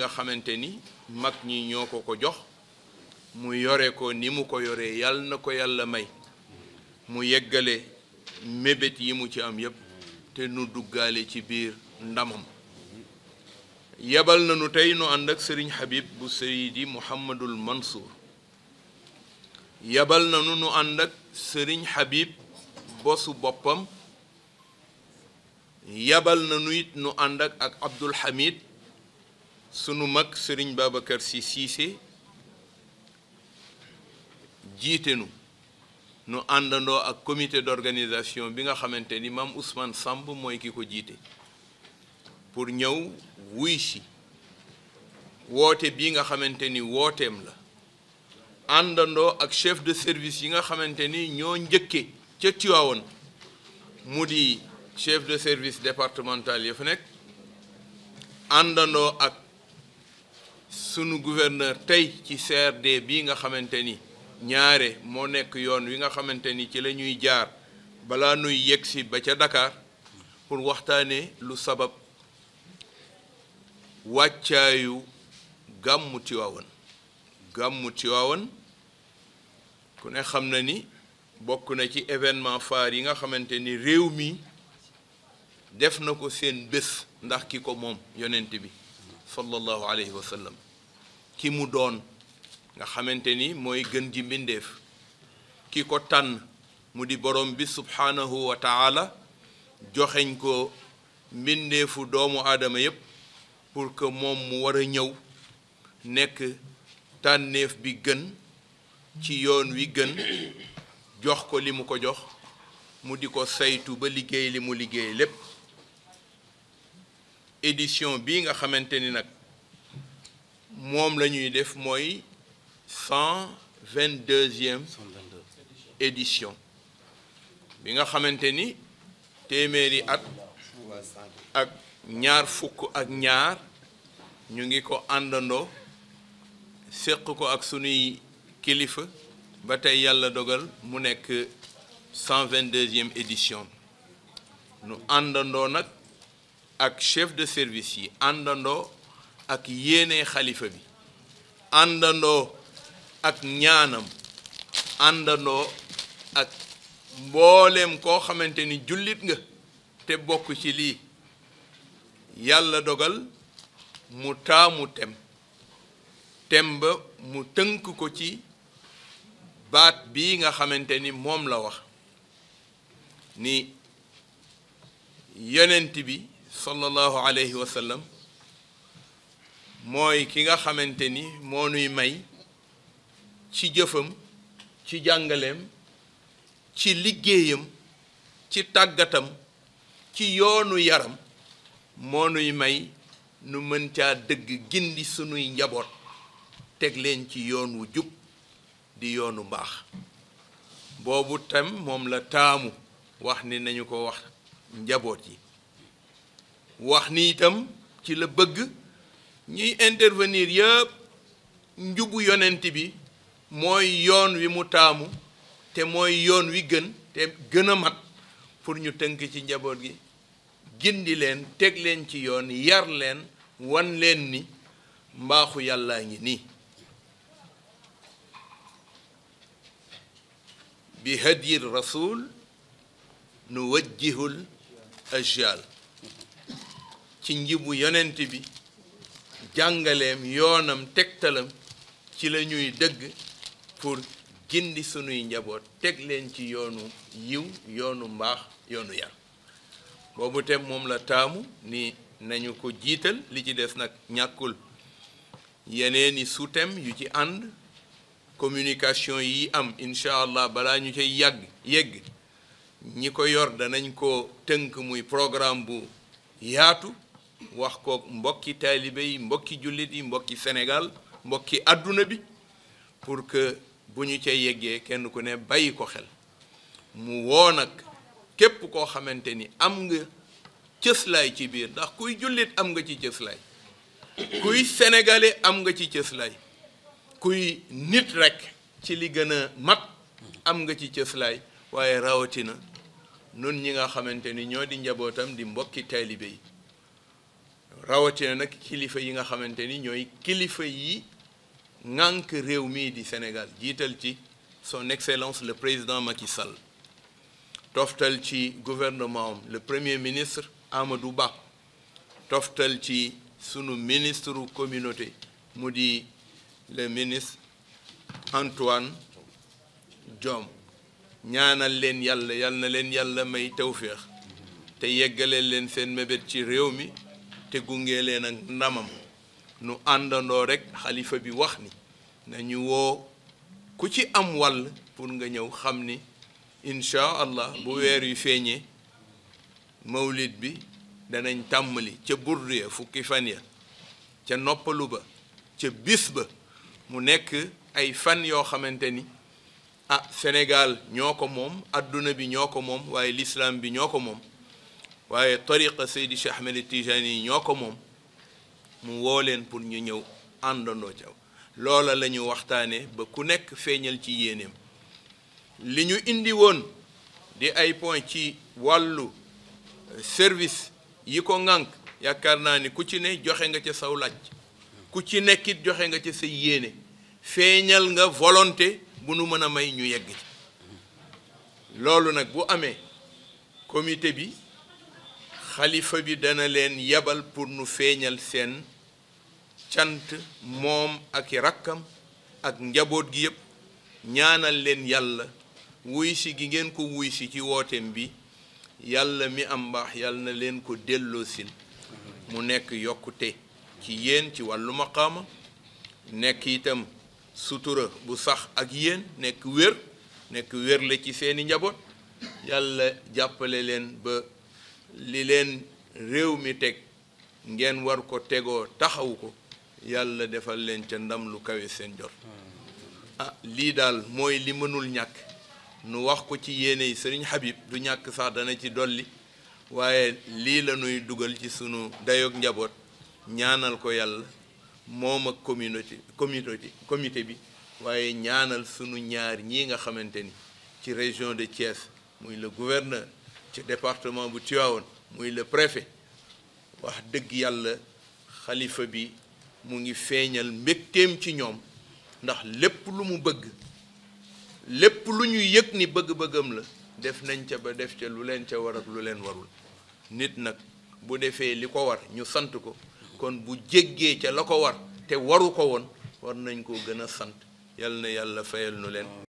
nga xamante ni mag ñi ñoo ko ko jox mu yore ko ni mu ko yoree yàlla na ko yàlla may mu yeggale mébét yi mu ci am yépp te nu duggaale ci biir ndamam yabal na nu tey nu ànd ak sëriñ Habib bu Seydi Mouhamadul Mansour yebal na nu nu ànd ak sëriñ Habib bosu boppam yebal na nu nu ànd ak Abdul Hamid sunu mag sëriñ kër si Cissé jiite nu nu àndandoo ak comité d'organisation bi nga xamante ni maam Ousmane Samb mooy ki ko jiite pour ñëw wuy si woote bi nga xamante ni wooteem la àndandoo ak chef de service yi nga xamante ni ñoo njëkke ca Tivaouane mu di chef de service départemental ya fa nekk àndandoo ak sunu gouverneur tey ci CRD bi nga xamante ni ñaare moo nekk yoon wi nga xamante ni ci lañuy jaar balaa nuy yegsi ba ca Dakar pour waxtaanee lu sabab wàccaayu gàmmu Tiwaawan gàmmu Tiwaawan ku ne xam na ni bokk na ci événement phare yi nga xamante ni réew mi def na ko seen bés ndax ki ko moom yonent bi sallallahu alayhi wa ki mu doon nga xamante ni mooy gën ji mbindeef ki ko tànn mu di borom bi subhaanahu wa taala joxeñ ko mbindeefu doomu aadama yépp pour que moom mu war a ñëw nekk tànnéef bi gën ci yoon wi gën jox ko li mu ko jox mu di ko saytu ba liggéey li mu liggéey lépp édition bii nga xamante ni nag moom la ñuy def mooy cent vingt deuxième édition bi nga xamante ni téeméeri at ak ñaar fukk ak ñaar ñu ngi ko àndandoo séq ko ak sunuy kilifa ba tey yàlla dogal mu nekk cent vingt deuxième édition nu àndandoo nag ak chef de service yi àndandoo ak yéene xalifa bi àndandoo ak ñaanam àndandoo ak mbooleem koo xamante ni jullit nga te bokk ci lii yàlla dogal mu taamu tem tem ba mu tënk ko ci baat bi nga xamante ni moom la wax ni yenent bi sallallahu alayhi wa mooy ki nga xamante ni moo nuy may ci jëfam ci jàngaleem ci liggéeyam ci tàggatam ci yoonu yaram moo nuy may nu mën caa dëgg gindi sunuy njaboot teg leen ci yoon wu jub di yoonu mbaax boobu tam moom la taamu wax ni nañu ko wax njaboot yi wax ni itam ci la bëgg ñuy intervenir yëpp njubu yonent bi mooy yoon wi mu taamu te mooy yoon wi gën te gën a mat pour ñu tënk ci njaboot gi gindi leen teg leen ci yoon yar leen wan leen ni mbaaxu yàllaa ngi nii bi hadyi rasul nu wajjihul ajal ci njibu yonent bi jàngaleem yoonam tegtalam ci la ñuy dëgg pour gindi sunuy njaboot teg leen ci yoonu yiw yoonu mbaax yoonu yar boobu te moom la taamu ni nañu ko jiital li ci des nag ñàkkul yeneeni sous-thème yu ci ànd communication yi am incha allah balaa ñu cay yàgg yegg ñi ko yor danañ ko tënk muy programme bu yaatu wax ko mbokki taalibe yi mbokki jullit yi mbokki senegal mbokki àdduna bi pour que bu ñu cee yeggee kenn ku ne bàyyi ko xel mu woo nag képp koo xamante ni am nga cëslaay ci biir ndax kuy jullit am nga ci cëslaay kuy sénégalais am nga ci cëslaay kuy nit rekk ci li gën a mat am nga ci cëslaay waaye rawatina nun ñi nga xamante ni ñoo di njabootam di mbokki taalibe yi rawatina nag kilifa yi nga xamante ni ñooy kilifa yi ŋànk réew mii di Sénégal jiital ci son excellence le président Macky Sall toftal ci gouvernement am le premier ministre Amadou Ba toftal ci sunu ministre communauté mu di le ministre Antoine Diome ñaanal leen yàlla yàlla leen yàlla may tawféex te yeggale leen seen mébét ci réew mi te gunge leen ak ndamam nu àndandoo rek xalifa bi wax ni nañu woo ku ci am wàll pour nga ñëw xam ni incha allah bu weer yu feeñee mawlid bi danañ tàmbali ca burdiya fukki fan ya ca noppalu ba ca bis ba mu nekk ay fan yoo xamante ni ah senegal ñoo ko moom àdduna bi ñoo ko moom waaye lislaam bi ñoo ko moom waaye tariqa Seydi Cheikh Ahmed Tijani yi ñoo ko moom mu woo leen pour ñu ñëw àndandoo ca loola lañu ñu waxtaanee ba ku nekk feeñal ci yéeneem li ñu indi woon di ay point ci wàllu euh, service yi ko ŋànk yaakaar naa ni ku ci ne joxe nga ca saw laaj ku ci nekkit joxe nga ca sa yéene feeñal nga volonté bu nu mën a may ñu yegg ci loolu nag bu amee comité bi xalifa bi dana leen yebal pour nu feeñal seen cant moom ak i rakkam ak njaboot gi yépp ñaanal leen yàlla wuy si gi ngeen ko wuy ci wooteem bi yàlla mi am mbaax yàlla na leen ko delloosil mu nekk yokkute ci yéen ci wàllu maqaama nekk itam sutura bu sax ak yéen nekk wér nekk wér la ci seeni njaboot yàlla jàppale leen ba li leen réew mi teg ngeen war ko tegoo taxaw ko yàlla defal leen ca ndam lu kawe seen jot hmm. ah lii daal mooy li mënul ñàkk nu wax ko ci yéene yi sëriñ Habib du ñàkk sax dana ci dolli waaye lii la nuy dugal ci sunu dayoog njaboot ñaanal ko yàlla moom ak communauté communauté comité bi waaye ñaanal sunu ñaar ñi nga xamante ni ci région de Thiès muy le gouverneur ci département bu Tivaouane muy le préfet wax dëgg yàlla xalifa bi mu ngi feeñal mbégteem ci ñoom ndax lépp lu mu bëgg lépp lu ñu yëg ni bëgg-bëggam la def nañ ca ba def ca lu leen ca war lu leen warul nit nag bu defee li ko war ñu sant ko kon bu jéggee ca la ko war te waru ko woon war nañ ko gën a sant yal na yàlla fayal nu leen